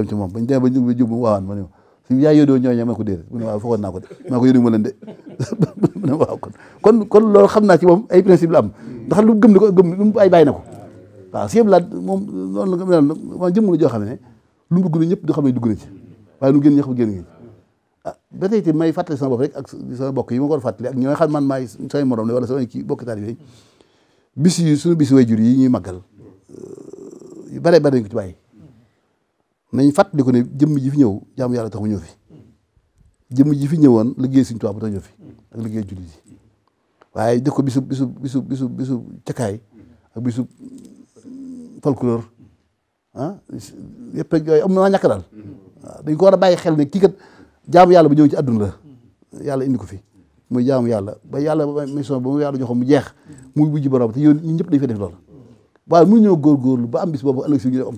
ci moom ba ñu ba jub waawaan ma ne suñu yaay yoo ñooñu ma ko déedéet mu ne waaw foogoon naa ko de maa ko kon kon kon loolu xam naa ci moom ay principe ndax lu gëm ni ko gëm lu mu na ko waaw si yëpp laaj moom loolu la mel moom jëmm la joo xam ne lu mu dugg ñëpp du xam ne dugg na ci waaye lu génn ñëpp génn ngeen ah ba tey may fàttali sama bopp rek ak sama bokk yi ma ko war ak ñooy xam man maay samay morom la wala samay kii bokk taalibe bis yi suñu bis wayjur yi ñuy màggal euh, bare bare nañ ko ci bàyyi nañ fàttali ko ne jëmm ji fi ñëw jaamu yàlla tax mu ñëw fi jëmm ji fi ñëwoon liggéey suñu tubaab bu ñëw fi ak liggéey jullit yi waaye def bisu bisu bisu bisu bisu cakaay ak bisu mm, folklore ah, yëpp ak yooyu am na ñàkk daal waaw dañ ko war a bàyyi xel ne kii kat jaamu yàlla bu ñëw ci àdduna la yàlla indi ko fi muy jaamu yàlla ba yàlla ba mission ba mu yàlla joxoon mu jeex muy wujji borom te yow ñun ñëpp dañu fay def loolu waaye mun góor góorgóorlu ba am bis boobu ëllëg si ñu am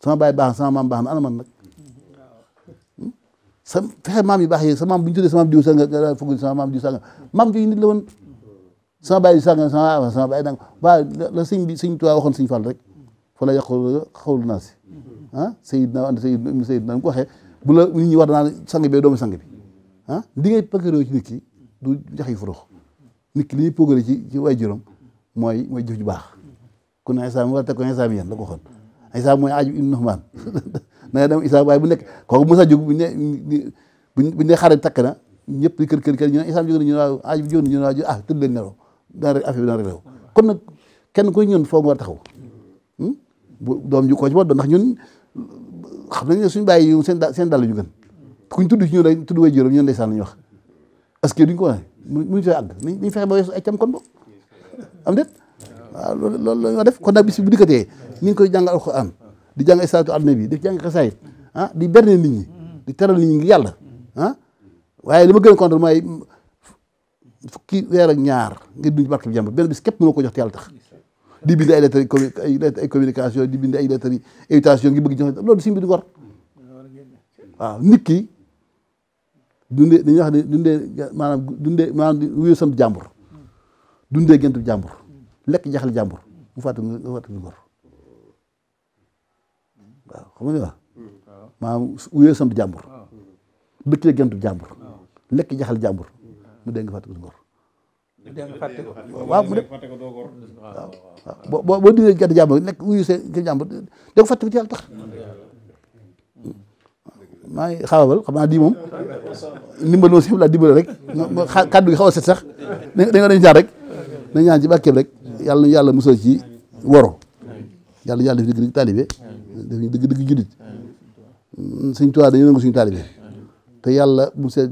ko baax sama maam baax na ana man nag hmm? sa fexe maam yi baax yi sa maam bu ñu tuddee sa maam diw sa nga fukk sama maam diw sa nga maam jooju na la woon sama baay sànga sama sama baay nag waaye la sëñ bi sëñ Tuubaa waxoon sëñ Fall rek fa la yàqul xawlu naa si ah Seydina and Seydina ko bu ñi war naa sang bi doomu sang bi ah li ngay pëkkaroo ci nit ki du jax yu furux nit ki li ñuy ci ci way juróom mooy mooy jëf ju baax ku ne isaam war a teg ko isaam yéen la ko xoon isaam mooy aju ibnu Nuhmaan na nga dem bu nekk kooku mos a jóg bu ne bu ne xare takk na ñëpp di kër kër kër ñu ne isaam jóg na ñu ne waaw aju bi jóg na ñu ne waaw ah tëdd leen nelaw dana affaire bi dana réglé kon nag kenn ku ñun foog nga war a taxaw hmm? bu doom ju koo ci boot doon ndax ñun xam nañ ne suñu bàyyi seen seen dàll ju gën kuñ tudd ci ñun rek tudd way juróom ñun ndeysaan lañu wax parce que duñ ko wane muñ fee àgg nañ fexe ba weesu ay cam kon bo am la ñoo def kon nag bis bu dikkatee ñu ngi koy jàng alxuraan di jàng bi di jàng xasaayit ah di berne nit ñi di teral nit ñi ngir yàlla ah waaye li ma gën a contre mooy fukki weer ak ñaar di bind ay lettres ay communication di loolu si mbir ngor waaw nit dundee dañuy wax ne dundee maanaam dundee maanaam wuyu sant jàmbur dundee géntu jàmbur lekk jaxle jàmbur mu fàtte mu fàtte góor waaw xam nga li ma maanaam wuyu sant jàmbur bëccëg géntu jàmbur lekk jaxle jàmbur mu dégg nga fàtte góor waaw mu de waaw waaw boo boo dundee gerte jàmbur lekk wuyu see gerte jàmbur dégg nga fàtte ko ci yàlla tax maa ngi xaababal xam naa di moom ndimbal moom sëñ laa dimbale rek kàddu gi xaw a set sax da nga dañ ñaan rek dañ ñaan ci rek yàlla na yàlla musal ci woro yàlla yàlla def dëgg-dëgg taalibe def dëgg dëgg jullit suñ tuwaa dañu nangu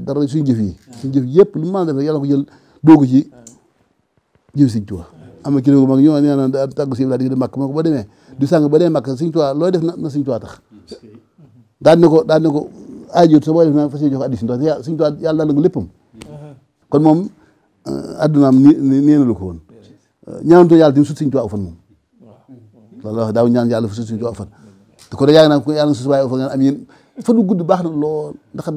dara suñu jëf yi suñu jëf yëpp lu mu mën a def rek yàlla ko jël doogu ci jëf suñ tuwaa am na kilifa gu mag ñoo na tàggu si laa di màkk moo ko ba du sàng ba demee suñ tuwaa looy def na suñ tuwaa daan ne ko daan ko aajiwut sa boo def naa fas yéene jox ko addi suñu tubaab suñu tubaab yàlla na ko léppam kon moom euh, addunaam ni neenalu ko woon ñaantu yàlla da sut suñu tubaab fan moom loolu wax ñaan yàlla fa sut suñu tubaab fan te ko da yaa ngi naan ko yàlla sut waaye fan am gudd baax na lool ndax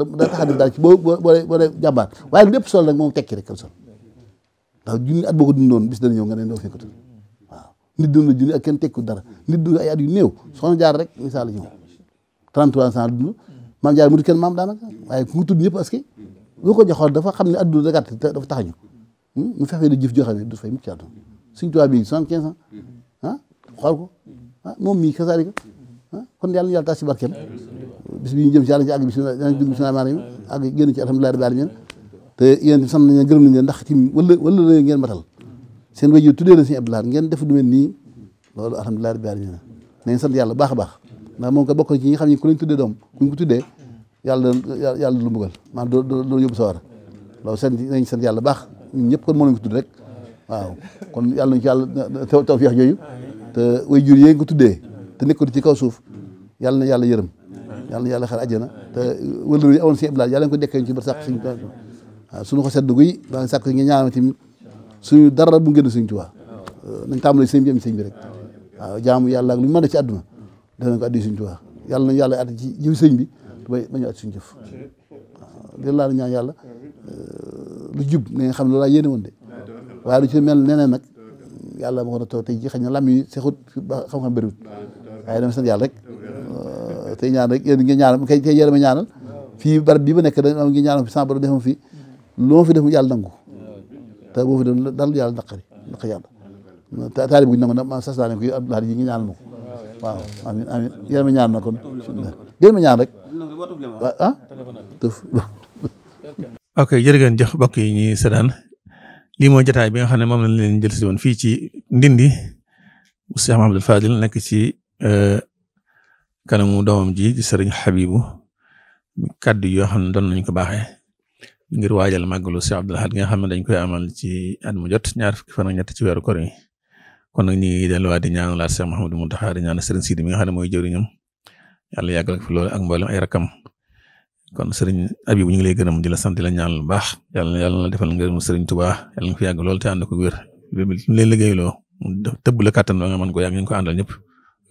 a def daal ci boo boo boo lépp sol rek moom tekki rek kan sol ndax junni at boo ko dundoon bis dana ñëw nga ne doo fekk waaw nit dund junni ak kenn tekku dara nit dund ay at yu néew soxna jaar rek misaal ñëw 33 ans dund maam Jaara mu di kenn maam daanaka waaye ku mu tudd ñëpp aski boo ko joxoon dafa xam ne adduna da gàtt dafa tax ñu mu fexee di jëf joo xam ne du fay mukk ci àdduna suñu tubaab bi soixante-quinze ans ah xool ko ah moom mii kasaalika ah kon yàlla na si barkeem bis bi ñu jëm si yàlla bi su danañ dugg bismilaahi rahmaani rahiim àgg génn ci alhamdulilaahi rabbil aalamiin te yéen sant nañ ndax tim wala wala la ngeen matal seen wajur tuddee na sëñ Abdou Lahad ngeen def du mel loolu alhamdulilaahi rabbil aalamiin na ngeen sant yàlla baax baax ndax moom ko bokk ci ñi xam ne ku leen tuddee doom ku ñu ko tuddee yàlla yàlla lu mbugal maanaam doo doo yóbbu sa war seen nañ seen baax ñun ñëpp kon moo leen ko tudd rek waaw kon yàlla nañ ci yàlla taw taw feex jooju te way jur yéen ko tuddee te nekkul ci kaw suuf yàlla na yàlla yërëm yàlla yàlla xar àjjana te wëlër yi awoon si iblaad yàlla na ko dekkee ci bar sàq suñ ko sedd guy maa ngi sàkk nga ñaanal ci suñu dara bu ngeen suñ tuwaa nañ tàmbali sëñ bi am sëñ rek waaw jaamu yàlla ak lu ma mën ci àdduna danañ ko addi suñ Tuubaa yàlla na yàlla at ci jiw sëñ bi ba ñu at suñ jëf waaw li yàlla euh, lu jub na nga xam ne loolaa yéene woon de waaye lu ci mel neneen nag yàlla ma ko na tey ji xëy na lam yi sexut xam-xam waaye dama sant yàlla rek euh, tey ñaan rek yéen ngeen ñaanal kay tey yéen fii barab bii ma nekk da ngi ñaanal fi sàmbar defam fi lu ma fi def yàlla nangu te boo fi def dal yàlla naqari naqari yàlla taalibe guñ nangu na ma sas naa ne ko Abdoulaye yi ngi ñaanal ma waaw ñaan na kon déen ma ñaan rek ah, ok jërë ngeen jox mbokk yi ñuy seetaan lii mooy jotaay bi nga xam ne moom lañ leen jël si woon fii ci Ndindi Cheikh Mahamadou Fadil nekk ci euh, kanamu doomam ji di sëriñ Habibu kaddu yoo xam ne doon nañ ko baaxee ngir waajal màggalu Cheikh Abdoul Ahad nga xam ne dañ koy amal ci at mu jot ñaar fukki fan ak ñett ci weeru koor yi kon nag ñu ngi delluwaat di ñaanalaat Cheikh Mouhamadou Mountakha di ñaanal Serigne Sidi mi nga xam ne mooy jëriñam yàlla yàggal ko fi loolu ak mboolem ay rakam kon Serigne Habib ñu ngi lay gërëm di la sant la ñaanal bu baax yàlla yàlla na defal ngërëm Serigne Touba yàlla nga fi yàgg lool te ànd ko wér ñu lay liggéeyloo tëbb la kàttan ba nga mën ko yàgg ñu ko àndal ñëpp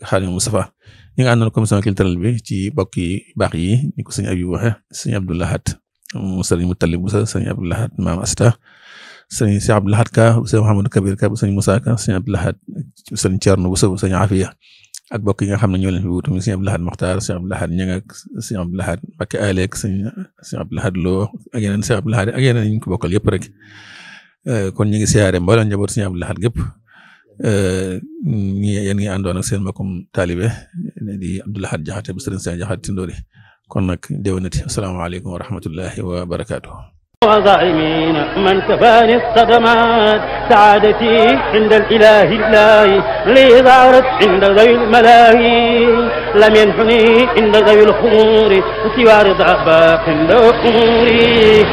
Xaadim Moustapha ñi nga àndoon commission culturelle bi ci bokk yi baax yi ni ko sëñ Habib waxe sëñ mu sëriñ mu bu sa sëñ Abdoulahat maam asta sëñ si Abdou Lahad Ka sëñ Mouhamadou Kabir Ka sëñ Moussa Ka sëñ Abdou Lahad sëñ Thierno Bousso sëñ ak bokk yi nga xam ne ñoo leen fi wutu mi sëñ Abdou Lahad Mokhtar sëñ Abdou Lahad Ñang ak sëñ Abdou Lahad ko bokkal yëpp rek euh, kon ñu ngi siyaare mboolem njaboot sëñ Abdou Lahad gépp euh, ñi yéen ngi àndoon ak seen mbokkum taalibe di Abdou Lahad Jaxate bu sëriñ sëñ Jaxate Tindori kon nag déwénati asalaamaaleykum wa rahmatullahi wa وظالمين من كفاني الصدمات سعادتي عند الإله الله لي ظهرت عند ذوي الملاهي لم ينحني عند ذوي الخمور سوى رضا باق عند أموري